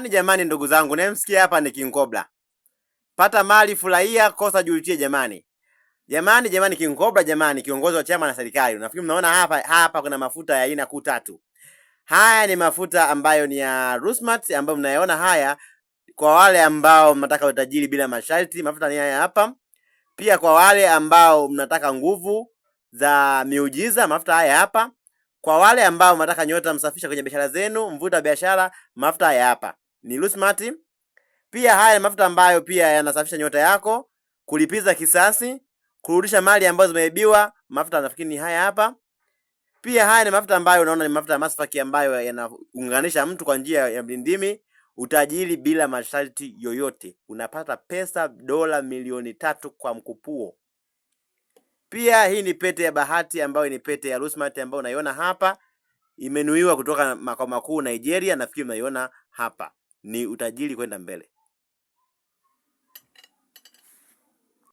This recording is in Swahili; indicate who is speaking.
Speaker 1: Yaani jamani ndugu zangu, nemsikia hapa ni King Cobra. Pata mali, furahia, kosa julitie jamani. Jamani jamani, King Cobra jamani, kiongozi wa chama na serikali. Nafikiri mnaona hapa hapa kuna mafuta ya aina kuu tatu. Haya ni mafuta ambayo ni ya Rusmat ambayo mnayaona haya kwa wale ambao mnataka utajiri bila masharti, mafuta ni haya hapa. Pia kwa wale ambao mnataka nguvu za miujiza, mafuta haya hapa. Kwa wale ambao mnataka nyota msafisha kwenye biashara zenu, mvuta biashara, mafuta haya hapa ni Lusmati. Pia haya ni mafuta ambayo pia yanasafisha nyota yako, kulipiza kisasi, kurudisha mali ambazo zimeibiwa. Mafuta nafikiri ni haya hapa. Pia haya ni mafuta ambayo unaona ni mafuta ya masfaki ambayo yanaunganisha mtu kwa njia ya mlindimi utajiri bila masharti yoyote. Unapata pesa dola milioni tatu kwa mkupuo. Pia hii ni pete ya bahati ambayo ni pete ya Lusmati ambayo unaiona hapa, imenuiwa kutoka makao makuu Nigeria, nafikiri unaiona hapa ni utajiri kwenda mbele.